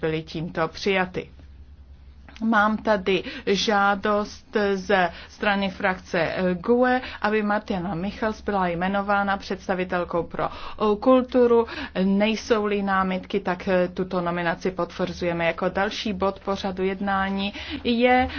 byly tímto přijaty. Mám tady žádost ze strany frakce GUE, aby Martina Michals byla jmenována představitelkou pro kulturu. Nejsou-li námitky, tak tuto nominaci potvrzujeme. Jako další bod pořadu jednání je